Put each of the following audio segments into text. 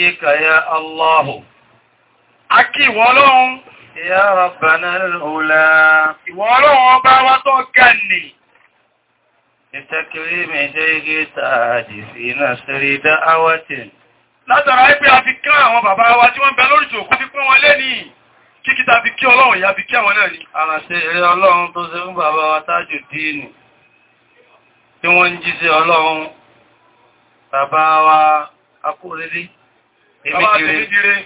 نحييك يا الله أكي ولون يا ربنا الأولى ولون بوتوكني لتكريم شيخ تاج في نصر دعوة látara ẹgbẹ́ a fi kán àwọn bàbá wa tí wọ́n bẹ lórí jòkó fi pọ́n wọn lé ní kíkítà fi kí ọlọ́run ìyá fi kí àwọn náà ní àrànṣẹ́ eré ọlọ́run tó ṣe fún bàbá wa tájù díìnì tí wọ́n ń jíṣẹ́ ọlọ́run bàbá wa akóredé Èmìjìrì,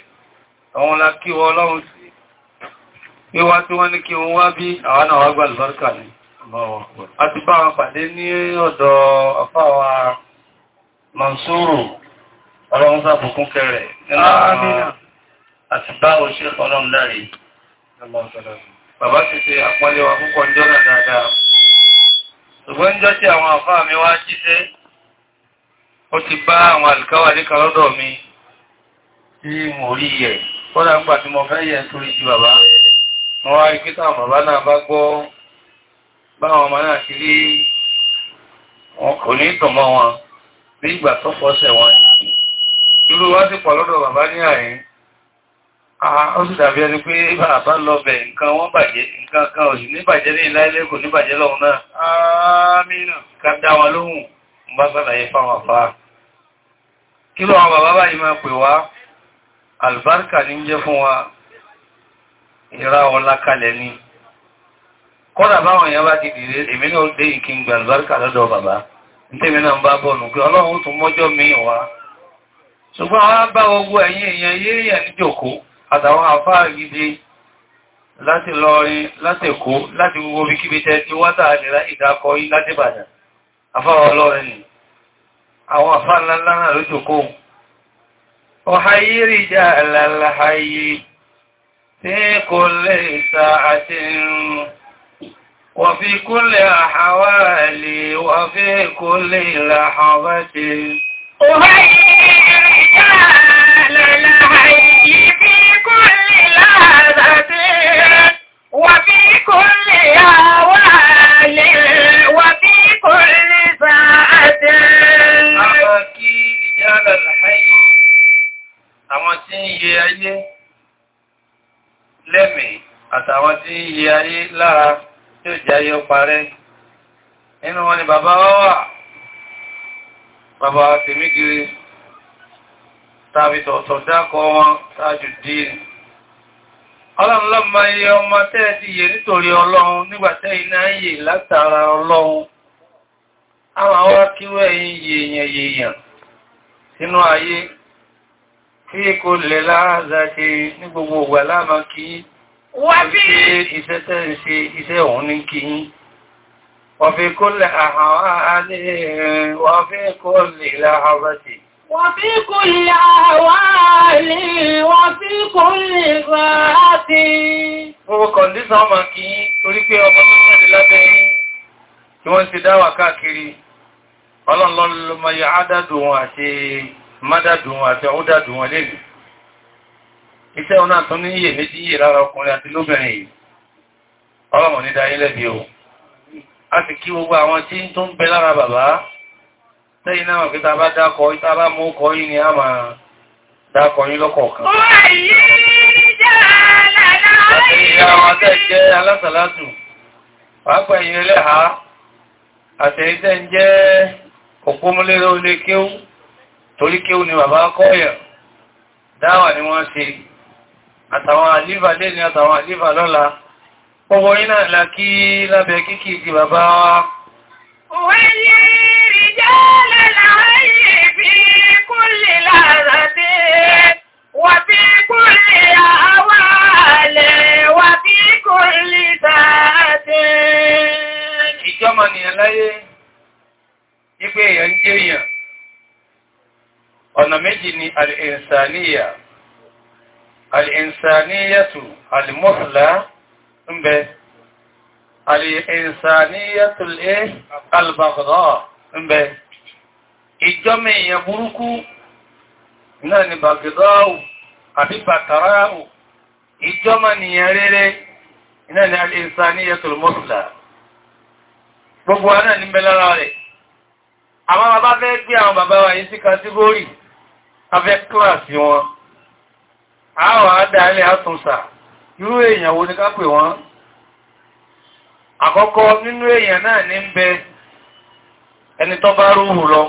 àwọn la kí wọ ọlọ́run sí. Wíwá tí wọ́n ní kí wọ́n wá bí àwọn náà wá gbà lọ́rùkà ní. A ti bá wọn pàdé ní ọ̀dọ̀ àfáwà Mansúrù, ọlọ́run sàbùkún kẹrẹ. Àti bá òṣè ọlọ́run dáre. Bàbá ti ṣe àpọ́nlé wa púpọ̀ ń jọ́nà dáadáa. Ṣùgbọ́n jọ́ tí àwọn àfáà mi wá jíṣẹ́, ó ti bá àwọn àlùkáwà ní kan mi tí mo rí yẹ̀ kọ́dá gbà tí mo fẹ́ yẹ̀ nítorí ti bàbá wọ́n wá rí pé táwọn bàbá náà bá gbọ́ báwọn ọmọ náà ti rí wọn kò ní tọ̀mọ́ wọn bí ìgbà tó fọ́sẹ̀ wọn irú wá sí pọ̀ lọ́dọ̀ bàbá ní àyín ó sì dàbí ẹni pé bàbá lọ bẹ̀ nǹkan wọ́n bàjẹ́ nǹkan kan ò sí ní bàjẹ́ ní ìláìlé kò ní bàjẹ́ lọ́hun náà àmìnà ká dá wọn lóhùn bá sàlàyé fáwọn àfáà kí lọ́wọ́n bàbá báyìí máa pè wá albarka ní jẹ́ fún wa ìra ọlá kalẹ̀ ní kọ́dà báwọn èèyàn bá ti dìde èmi náà dé ìkíngba albarka lọ́dọ̀ bàbá nítèmi náà bá bọ́ọ̀nù pé ọlọ́run tún mọ́jọ́ mi wá ṣùgbọ́n wọ́n bá gbogbo ẹ̀yìn èèyàn yéèyàn níjòkó àtàwọn àfáà gidi láti lọrin láti èkó láti gbogbo bí kíbi tẹ́ tí wá tàà nìra ìdákọ̀ yí láti bàdàn àfáà ọlọ́rin ni àwọn àfáà ńláńlá náà lójòkó أحيي رجال الحي في كل ساعة وفي كل حوالي وفي كل لحظة أحيي رجال الحي في كل لحظة وفي كل أحوالي وفي كل ساعة ayé lẹ́mì àtàwọn tí iye ayé lára tí ó jẹ́ ayé parẹ́ nínú wọn ni bàbá wa wà bàbá tèmígiri tàbí tọ̀tọ̀ dákọ wọn tájù díìrì ọlọ́run iye ọmọ tẹ́ẹ̀ ti yè nítorí ọlọ́run nígbàtẹ́ iná yè látara ọlọ́run àwọn awá kíwẹ́ yìí sínú fi kò lè láàzà ṣe ní gbogbo ògbà láàmà kí iṣẹ́ tẹ́ ń ṣe iṣẹ́ òun ní kí wọ́n fi kò lè àhàwà alẹ́ wọ́n fi kò lè láàzà ṣe wọ́n fi kò lè àhàwà alẹ́ gbogbo kọ̀ndíṣàn ọmọ kí torí pé ọmọ tó tẹ́lẹ̀ mádàdùn àti ọ̀húdàdùn wọn lèlú iṣẹ́ ọ̀nà tó ní iye méjì yìí lára ọkùnrin àti lóbìnrin yìí ọlọ́mọ̀ ní dáyé lẹ́bí o a sì kí gbogbo àwọn tí tó ń bẹ lára bàbá tẹ́yìn náà kí bá torí kí ó ní bàbá kọ́yẹ̀ dáwà ni wọ́n ṣe àtàwọn àlífà lè ní àtàwọn àlífà lọ́la ọwọ́ iná lákí lábẹ́ kíkì ti bàbá wa fi kúlè lára dé wà fi kúlè àwọ̀ alẹ́ wà fi kúlè dáadé ìjọ́mọ̀ nìyàn láyé ipé èèyàn jẹ́ èèyàn ona meji ni al'insaniya al'insaniyatu al'mọ́sùlá ń bẹ al'insaniyatu al'albaghda ń bẹ ìjọmọ̀ èèyàn burúkú náà ni bagdáwù àbí bàtàráwù ìjọmọ̀ nìyàn rere náà ni al'insaniyatu al'mọ́sùlá gbogbo wa naanị ní mẹ́lára rẹ̀ àwọn bàbá fẹ́ gbé àwọn bàbá wa yìí sí kàtígórì afẹ́ kíláàsì wọn àwọn àádáalẹ̀ àtúnsà irú èèyàn wo ní kápẹ̀ wọn àkọ́kọ́ nínú èèyàn náà ní ń bẹ ẹni tó bá rúhù lọ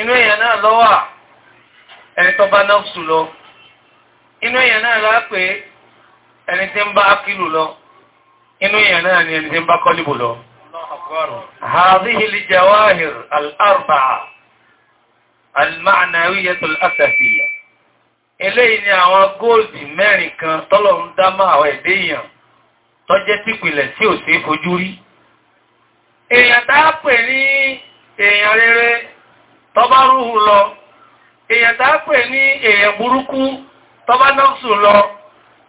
inú èèyàn náà ló wà ẹni tó bá náfsù lọ inú èèyàn náà lápẹ́ ẹni tí ń bá akílù lọ inú èèyàn náà ni ẹni tí ń bá kọ́líbù lọ هذه الجواهر الأربعة al-ma'nawiyyah al-asafiyyah eléyìí ni àwọn góòlì mẹ́rin kan tọ́lọ̀ ń dá máa àwọn ẹ̀dẹ́ èèyàn tó jẹ́ típìlẹ̀ tí ò sí fojú rí èèyàn dáápẹ̀ ní èèyàn rere tọ́bá rúhù lọ èèyàn dáápẹ̀ ní èèyàn burúkú tọ́bá nọ́ọ̀sù lọ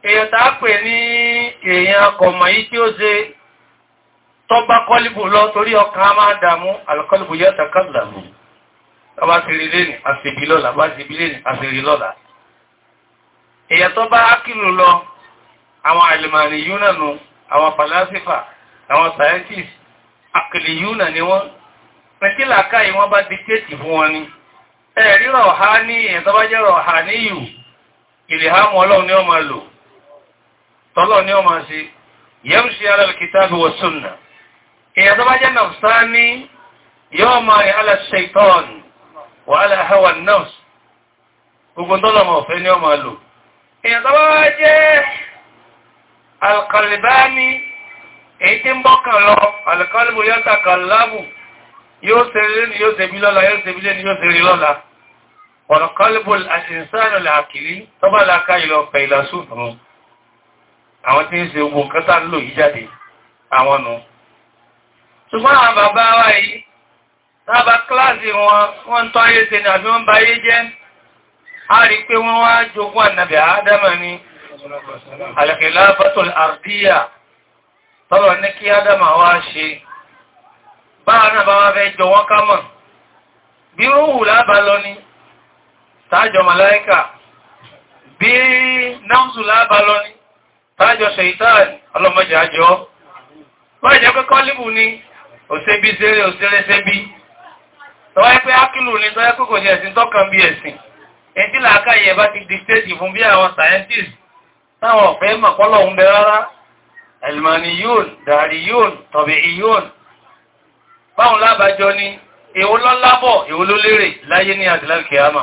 èèyàn dáápẹ̀ ní èèyàn kọ̀mọ̀ yí tí ó ṣe tọ́bá kọ́líbù lọ torí ọkàn á máa dàmú alkọ́líbù yẹ́ bá ti rí lẹ́nì àṣìbí lọ́la bá ti bí lẹ́nì àṣìrí lọ́la èyà tó bá ákìlù lọ àwọn àlìmàní yúnànù àwọn fàlásífà àwọn scientist àkìlì yúnà ni wọ́n pẹ̀kílà káyí wọ́n bá ti tẹ́tì fún wọn ni ẹ̀rí rọ̀há ní ẹ̀tọ́bájẹ́ rọ̀há ní ìyù ìlèhámù ọlọ́run ala al wa sunnah èyà tó bá jẹ́ nàfsáà ní yọ́ máa rẹ̀ ala shaytan wàhálà hawa nọ́ọ̀sì gbogbo tọ́lọ̀mọ̀ ọ̀fẹ́ ni ọmọ lò èyàn tọ́bá wá jẹ́ alkalibani èyí tí ń bọ́kàn lọ alkalibu yóò takalabu yóò sẹ́rẹ́ ni yóò sẹ́bí lọ́la yóò sẹ́bí lẹ́ni yóò sẹ́rẹ́ lọ́la ọ̀rọ̀kalibu àṣìṣàrò làkìrí tọ́bá làkà ìlọ pẹ̀ ìlàsùn àwọn tí ń ṣe ogun kẹta lò yí jáde àwọn nù ṣùgbọ́n àwọn bàbá wa tábà kíláàsì wọn wọ́n tán ayé tẹni àbí wọ́n bá ayé jẹ́ a rí pé wọ́n wá jogún ànàbì àádámà ni alẹ́kẹ̀lá bátọ̀l àrdíyà tọ́lọ̀ ní kí ádámà wá ṣe báà náà bá wá fẹ́ jọ wọ́n ká mọ̀ bí rúhù lábà lọ ni tájọ màláíkà bí náùsù lábà lọ ni tájọ ṣèìtáàlì ọlọ́mọjà àjọ́ tọ́wọ́ pé ákìlù ní tọ́yẹ́ kòkò ní ẹ̀sìn tọ́kàn bí ẹ̀sìn èyí tí làákàyè bá ti dìstéètì fún bí àwọn scientist táwọn ọ̀fẹ́ mọ̀pọ́lọ̀ ń bẹ rárá ẹ̀lìmọ̀ni yóòn dàrí yóòn tọ̀bẹ̀ yóòn báwọn lábàjọ ni èwo lọ èwo ló lérè láyé ní àdìláì kìámà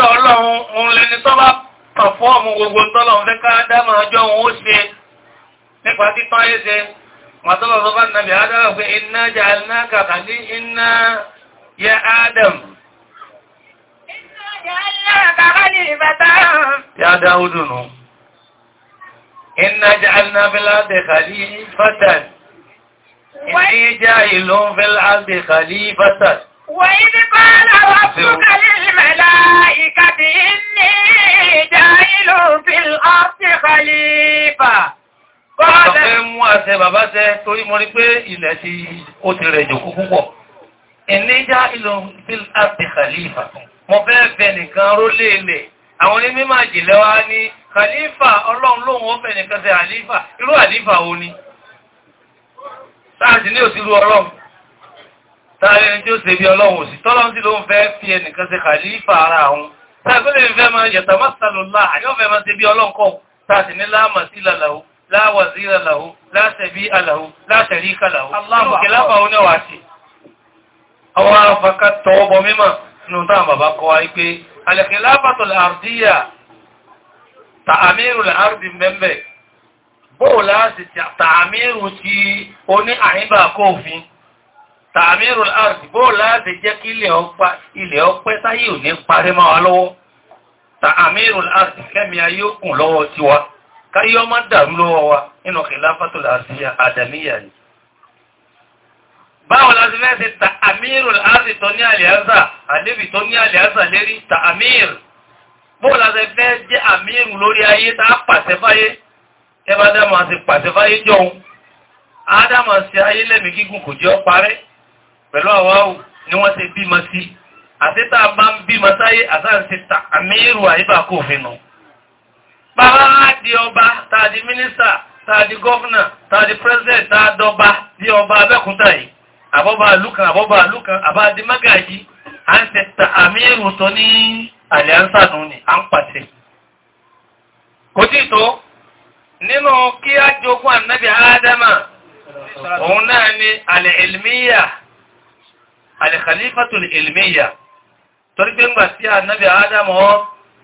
Ọlọ́run òun lẹni tọ́ نفادي جعلناك خليل يا آدم إنا جعلناك خليفة يا داود إنا جعلنا في الأرض خليفة إني جاهل في الأرض خليفة وإذ قال ربك للملائكة Bàbá fẹ́ mú àṣẹ bàbá ṣẹ torí mo rí pé ilẹ̀ ti ó ti rẹ̀ jòkó púpọ̀. Ìníjá ìlò fil àti Khalifa. Mo fẹ́ fẹ́ nìkan rólé ilẹ̀. Àwọn ní mímọ̀ ìjìnlẹ̀ wá ní Khalifa ọlọ́run lóhun ó fẹ́ nìkan ṣe Khalifa. Irú Khalifa wo ni? Sáàtì ní òsìlú ọlọ́run. Táàrí ẹni tí ó ṣe bí ọlọ́run ara àwọn. Sáàtì lè fẹ́ máa yẹ̀tọ̀ mọ́sálùlá àyọ́fẹ́ máa ṣe bí ọlọ́run kọ́. Sáàtì ní láàmà sí la wazira lahu la sabi'a lahu la sharika lahu Allahu kilafa oni wa ti awa faka tobo mima nu ta baba ko wa ipe al khilafatu al ardiyya ta'miru al ardi mbembe bo la si ta'miru ti oni ahiba ko fin ta'miru al ardi bo la de jẹ́ kí le opa ilẹ̀ ọpẹ́ saye oni parẹ́ ma wa lọ́wọ́ ta'miru al ardi kemi ayokun lọ́wọ́ ti wa káyé ọmọ dàrú lọ́wọ́ wa nínú khilafatul asiya àdàmíyà ni báwo la ti fẹ́ ṣe ta amírù láti tọ́ ní àlìáṣà àdébì tọ́ ní àlìáṣà lérí ta amírù báwo la ti fẹ́ jẹ́ amírù lórí ayé tá a pàṣẹ fáyé ẹbá dámà sí pàṣẹ fáyé jọun ádámà sí ayé lẹ́mìí gígùn kò jẹ́ parẹ́ pẹ̀lú àwáwù ni wọ́n ti bímọ sí àti tá a bá ń bímọ sáyé àtàǹsí ta amírù àyíbá kò fi nù bàbá di ọba tàbí mínísà tàbí gọ́fìnà tàbí pírẹsidẹ̀ntì tàdọba di ọba abẹ́kúta yìí àbọ́bà lùkàn àbọ́bà lùkàn àbá di mágàjí à ń tẹ̀ta àmì èrò tó ní àlẹ́ánsà nù ni à ń pàṣẹ. kò tí tó nínú kí á jogún ànábì ádámà òun náà ni àlẹ́ ìlmíyà àlẹ́ khalifatul ìlmíyà torí pé ń gbà sí ànábì ádámà ọ́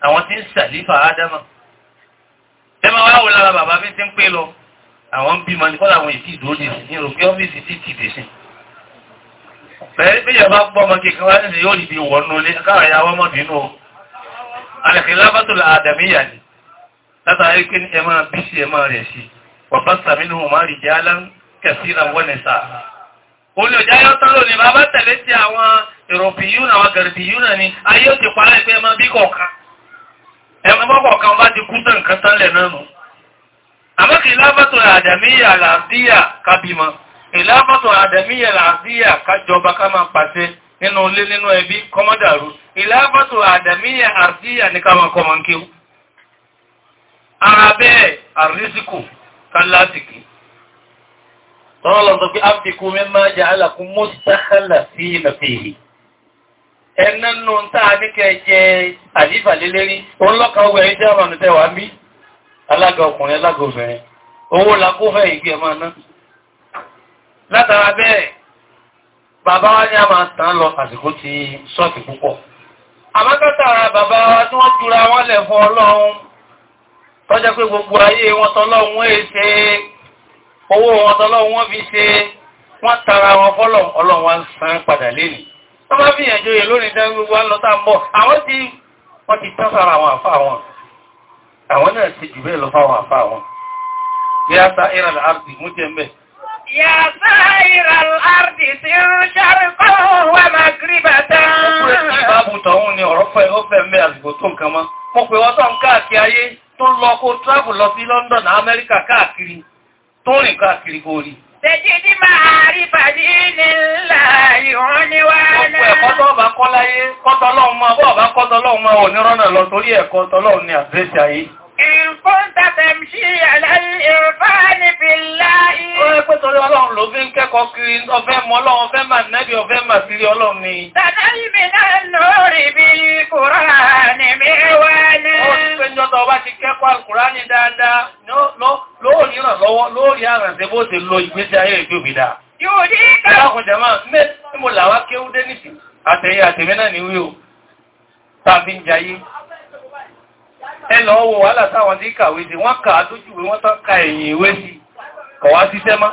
àwọn tí ń sàlífà ádámà tẹ́mọ̀ wá wò lára bàbá bí tí ń pé lọ àwọn ń bímọ ní kọ́lá àwọn ìsì ìdúró ní ìròpé ọ́fíìsì tí ti dèṣe bẹ̀rẹ̀ bí yàrá gbọ́ ọmọ kékeré wá nílẹ̀ yóò dìbì wọ̀ nù lé káà ya wọ́n mọ̀ bínú o alẹ́kẹ̀ lábàtòlà àdàmíyà ni látàrí pé ẹ máa bí sí ẹ máa rẹ̀ sí wàbá sàmínú máa rí jẹ́ alá kẹsí ra wọ́n nìta olùjá yóò tán lónìí bàbá tẹ̀lé ti àwọn ìròpì yúnà àwọn gàrìbì yúnà ni ayé ó ti parẹ́ pé ẹ máa bí kọ̀ọ̀kan ẹ̀wọ̀n bọ́bọ̀ kan bá ti kú tán nǹkan tánlẹ̀ náà nù àmọ́kì ìlàbàtò àdàmíyà làásíyà kábímọ ìlàbàtò àdàmíyà làásíyà kájọba ká máa pàṣẹ nínú ilé nínú ẹbí kọmọdàrú ìlàbàtò àdàmíyà àríyà ní ká máa kọmọ nkíw ara bẹ́ẹ̀ àrísìkò kálásìkì tọ́lọ́lọ́ sọ pé áfíkú mimma ja'alakum mustakhlifina fihi ẹ̀nà nù táà ní kẹ jẹ àlífà lélérí òun lọ́kà ọgbẹ̀ ẹ̀yìn tí a mànú tẹ́wà ń bí alága ọkùnrin alága obìnrin owó lakófẹ́ ìgbé ẹmọ náà látara bẹ́ẹ̀ bàbá wa ní a máa tàn lọ àsìkò ti sọ́ọ̀tì púpọ̀ àmọ́tọ́tàrà bàbá wa tí wọ́n tura wọ́n lẹ̀ fún ọlọ́run tọ́jẹ́ pé gbogbo ayé wọn tọ́lọ́run èé ṣe owó wọn tọ́lọ́run wọ́n fi ṣe wọ́n tara wọn fọ́lọ̀ ọlọ́run wa ń padà lénìí wọ́n bá fi ẹ̀jọ yẹ lórí ìdá gbogbo wa lọ tá ń bọ̀ àwọn tí wọ́n ti tán sára àwọn àfá wọn àwọn náà ti jù bẹ́ẹ̀ lọ fáwọn àfá wọn yàtà ìrànlá àrùtì mú jẹ́ mẹ́ yàtà ìrànlá àrùtì tí ó fẹ́ mẹ́ àsìkò tó nǹkan mọ́ Tẹ̀jídí máa rí bàdí nílà ìhun ni wá náà. Ọ̀pọ̀ ẹ̀kọ́ tọ́ọ̀bá kọ́ láyé, kọ́tọ́lọ́un máa bọ́ọ̀bá kọ́tọ́lọ́un máa wọ̀ ní rọ́nà lọ torí ẹ̀kọ́ tọ́lọ́un ni àdírẹ́sì ayé. Ìfún tàbẹ̀mṣí àlàyé ìrùfáà ní fi ló fi ń kẹ́kọ̀ọ́ kiri ọfẹ́ mọ́ ọlọ́run ọfẹ́ mà nẹ́bí ọfẹ́ mà sílé ọlọ́run ni. Tàdá yìí mi náà lórí bí Kùránì mi wá ní. Ó ti pé ní ọ̀dọ̀ ọba ti kẹ́kọ̀ọ́ Kùránì dáadáa lóòrí ìrànlọ́wọ́ lóòrí àrànṣẹ́ bó ti lo ìgbésí ayé ìjòbí dáa. Yóò dé ká. Ìyáàkùn jẹ̀mọ́ ní mo làwá kéwú dé nìsí. Àtẹ̀yẹ àtẹ̀mí náà ní wí o. Tàbí ń jayé ẹlọ ọwọ́ wàhálà táwọn tí kàwé sí wọ́n kà á tójú wọ́n tán ka ẹ̀yìn ìwé sí kọ̀wá síṣẹ́ máa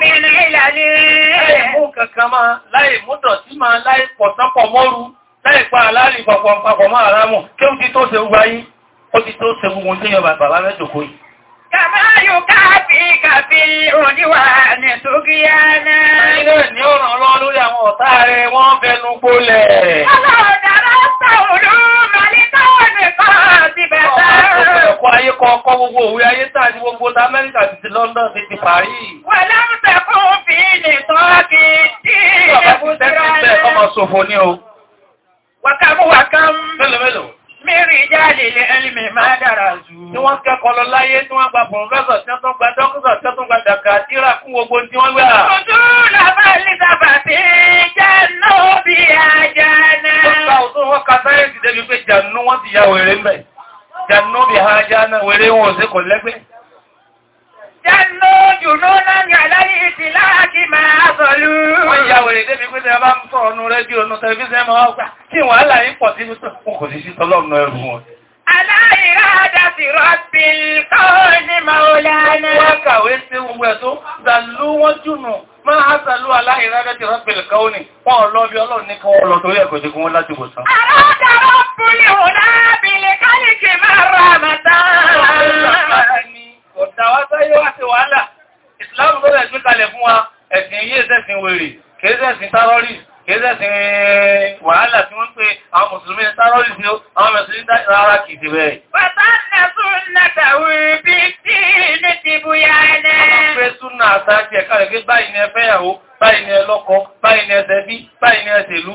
min ìlàlí. Láì mú kankan máa, láì mú dọ̀tí máa, láì pọ̀tánpọ̀ mọ́rú, láì pa aláàrí papọ̀ máa rámù, kí ó ti tó ṣe gbá yí, ó ti tó ṣe gbogbo tí yọ bàbá mẹ́jọkó yìí. Kàmáyù ayé kọ ọkọ gbogbo òwe ayé tà ní gbogbo Amẹ́ríkà ti London ti ti Paris. Wọ́n lámùtẹ̀ fún òfin ní tọ́ọ̀kì tí ìyẹ̀kùn ti rọ́lẹ̀. Ọmọ ṣòfò ní o. Wàkàmúwàkàm. Mélòó mélòó. Mary jáde ilẹ̀ ẹlìmì máa dára jù. Tí wọ́n kẹ́kọ̀ọ́ lọ láyé tí wọ́n gba pọ̀nrẹ́sọ̀ tí wọ́n gba dókítà tí wọ́n gba dàkà tíra fún gbogbo tí wọ́n gbà. Ojú làbá Elizabeth ti jẹ́ náà bí ajá náà. Wọ́n ta òtún wọ́n ka sáyẹ́ǹsì débi pé jàǹdù wọ́n ti ya wèrè ń bẹ̀. Jànú bí ha jáná wèrè wọn sí kò lẹ́gbẹ́. Jànú jùnú náà ní àláyé ìsì láàkí máa sọ̀lú. Wọ́n ya wèrè débi pé tẹ́ bá ń tọ́ ọ̀nù rédíò nù tẹlifíṣẹ́ máa wá kí wọ́n á láyé pọ̀ sí kò sí sí tọ́lọ́nù ẹrù wọn. Aláìráadà sí kọ́ ní Maulana. Wọ́n kàwé sí gbogbo ẹ̀ tó dàlú wọ́n wọ́n lọ bí ọlọ́run ní kí wọ́n ní máa rà àmàtà. Ọ̀dà wá sáyé wá sí wàhálà. Ìsìláàmù tó lẹ̀ gbékalẹ̀ fún wa, ẹ̀sìn yé ẹ̀sẹ̀sìn wèrè, kèésẹ̀sìn tárọ́rì, kèésẹ̀sìn wàhálà tí wọ́n pè àwọn mùsùlùmí tárọ́rì sí àwọn mùsùlùmí rárá kìí ti bẹ̀rẹ̀. Bàbá nà súnà tàwí bí tí ní ti búyá ẹnẹ́. Àwọn súnà àtàkì ẹ̀ká rẹ̀ gbé báyìí ni ẹ fẹ́yàwó, báyìí ni ẹlọ́kọ, báyìí báyìí ni ẹsẹ̀lú,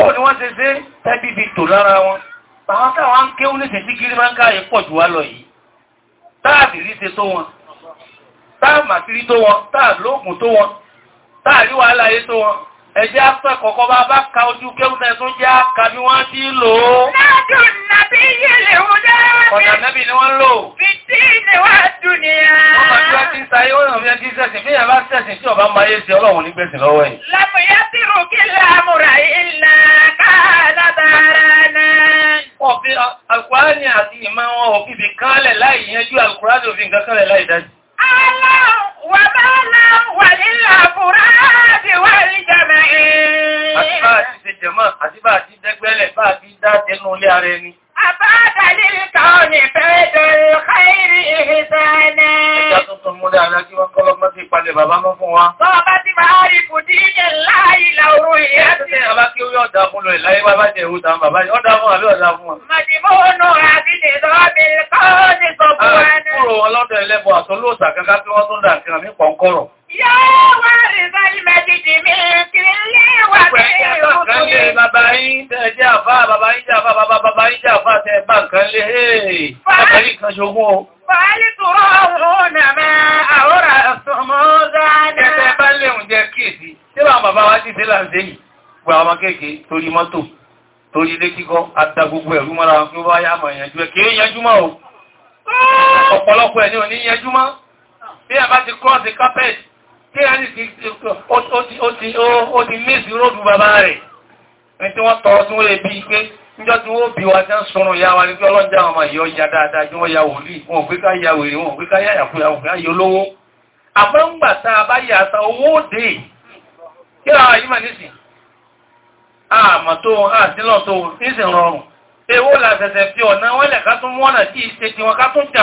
Bọ́ọ̀ ni wọ́n ṣe ṣe tẹ́bí bí tò lára wọn. Àwọn táwọn ń kéwú ní ṣẹ̀sí kiri máa ń káyẹ pọ̀ jù wá lọ yìí. Táàdì rí ṣe tó wọn. Táàmà sí rí tó wọn. Táàlóògùn tó wọn. Táàrí wàhálà yé tó wọn ẹjẹ́ afẹ́ kọ̀kọ́ bá bá ka ojú kéwù náà tó jẹ́ aka bí wọ́n ti lò ó. Náàdù nàbí yẹlẹ̀ wọn dára. Ọ̀nà nẹ́bì ni wọ́n lò. Fìtí ni wọ́n dùn ní à. Ọmọ tí wọ́n ti ń sayé, ó yàn fi ẹ́ ti sẹ̀sìn, bí yàn bá sẹ̀sìn tí ọba máa yé sí ọlọ́run ní gbèsè lọ́wọ́ ẹ̀. Lámùyá ti rò kí lámùrà ìlà káàlábàárà náà. Wọ́n fi àti ìmọ̀ wọn ò fi sánmà àti bá àti dẹ́gbẹ́lẹ̀ bá àti dá tẹnu ilé ara ẹni. Àbádàlí kan ní fẹ́dọ̀lù káìrí ìrìsànà. Ẹja tuntun múlẹ̀ ara kí wọ́n kọ́lọ́gbọ́n sí ìpalẹ̀ bàbá mọ́ fún wa. Tọ́ bá ti bá rí kù dí ní láì làwúrú ìyá sí. Ṣé àbá kí ó yọ̀ ọ̀dà fún lọ ìláyé wá bá jẹ́ ìhúta bàbá yìí? Ọ̀dà fún àbí ọ̀dà fún wa. Màdìmọ́nù àbí nìdọ́bìnrin kọ́ ní gbogbo ẹni. Àkúrò ọlọ́dọ̀ ẹlẹ́bọ̀ àtọ́lóòtà kankan tí wọ́n tún dà nǹkan mí pọ̀ ń kọ̀rọ̀. ṣe ẹ̀ẹ́ ọ̀pẹ̀lì kan ṣogún o. Fàálì tó rọrùn nà máa àwọ́rà ọ̀sọ̀mọ́ dáadáa. Ẹgbẹ́ bá léhùn jẹ́ kéèsì, tí wọ́n bàbá wá ti dé láǹdé yìí, gbà ọmọ kéèké torí mọ́tò, torí ilé kíkọ́, àtà gbogbo ẹ̀rú mọ́ra wọn bá yá níjọ́ tí wọ́n bí wa tẹ́ ń sọ̀rọ̀ ya wa ní pé ọlọ́jà ọmọ ìyọ́ ya dáadáa jí wọ́n ya wòlíì wọn ò pé ká ya wèrè wọn ò pé ká yá yàkúyà wọn ká yọ lówó àpọ́ngbà tá a bá yà sa owó dé kí ra yí mà nísìn àmọ́ tó àtìlọ́ tó nísìn rọrùn èwo là ṣẹ̀ṣẹ̀ fi ọ̀nà wọn lẹ̀ ká tún mú ọ̀nà tí ìṣe ká tún tẹ̀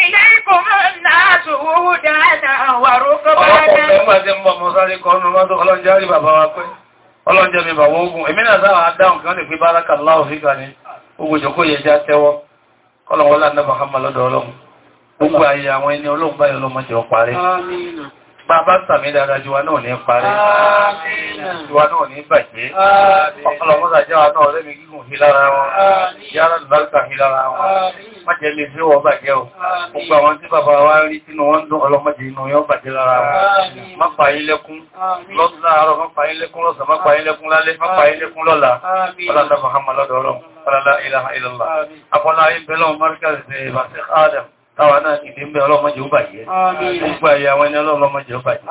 إليكم الناس هدانا وركبانا ọlọ́pọ̀ pẹ́pẹ́ tí ń bọ̀ mọ́ sáré kọ́ ọ̀nà mọ́tò ọlọ́njárí bàbá wa pé ọlọ́njẹ́ mi bàbá ogun èmi náà sáà dáhùn kí wọ́n lè fi báraka láwọ̀ fíkà ní ogun ìjọkó yẹ já tẹ́wọ́ kọ́lọ̀wọ́lá náà Muhammad lọ́dọ̀ ọlọ́run gbogbo ayé àwọn ẹni ọlọ́run báyìí ọlọ́mọ bàbá sàmì dára jù wa náà ní parí jù wa náà ní bàjẹ́ ọ̀pọ̀lọpọ̀lọpọ̀lá jẹ́ wa náà rẹ́mi gígùn hí lára wọn yára lùbáríkà hí lára wọn májẹ́ lè fẹ́ wọ bàjẹ́ o gbogbo àwọn tí bàbá wa rí sínú wọn dún ọlọ́mọdé inú yọ bàjẹ́ lára wọn má pààyín lẹ́kún lọ́sàárọ̀ má pààyín lẹ́kún lọ́sàn má pààyín lẹ́kún lálẹ́ má pààyín lẹ́kún lọ́la ọlọ́dà Muhammad lọ́dọ̀ ọlọ́run ọlọ́lá ilaha illallah afọlá ayé bẹ́lọ́ Adam Táwa náà ìdí ń bẹ ọlọ́mọdé ó bàjẹ́. Gbogbo àyà wọn ni ọlọ́mọdé ó bàjẹ́.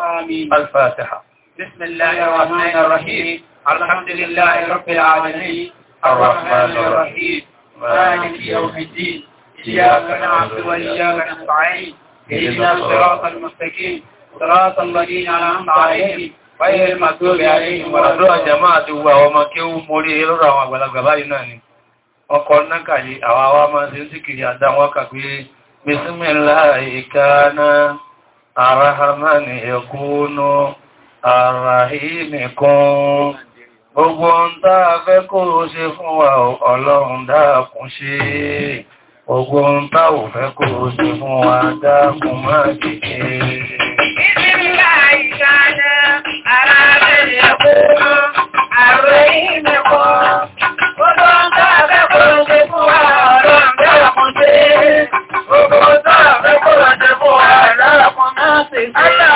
Al-Fatiha. Bismillahir Rahmanir Rahim. Alhamdulillahi Rabbil Alamin. Ar-Rahmanir Rahim. Maliki Yawmid Din. Iyyaka na'budu wa iyyaka nasta'in. Ihdinas siratal mustaqim. Siratal ladina an'amta 'alayhim. Báyé màtúrò àyíyìn wà lọ́wọ́ jàmáà ti wà ọmọ kí ó mórí lọ́rọ̀ àwọn àgbàlagbà báyìí náà ni. Ọkọ̀ náà kàyí àwọn àwọn máa ń ṣe ń síkiri àdáwọn kàgbé بسم الله كان الرحمن يكون الرحيم كن gbogbo ń táa fẹ́ kó ṣe fún wa ọlọ́run dákun ṣe gbogbo ń táa ò fẹ́ ṣe fún wa dákun má kìí Ìdílá ìṣàdá ara rẹ̀ yẹ kó mọ́ àrẹ́ blessings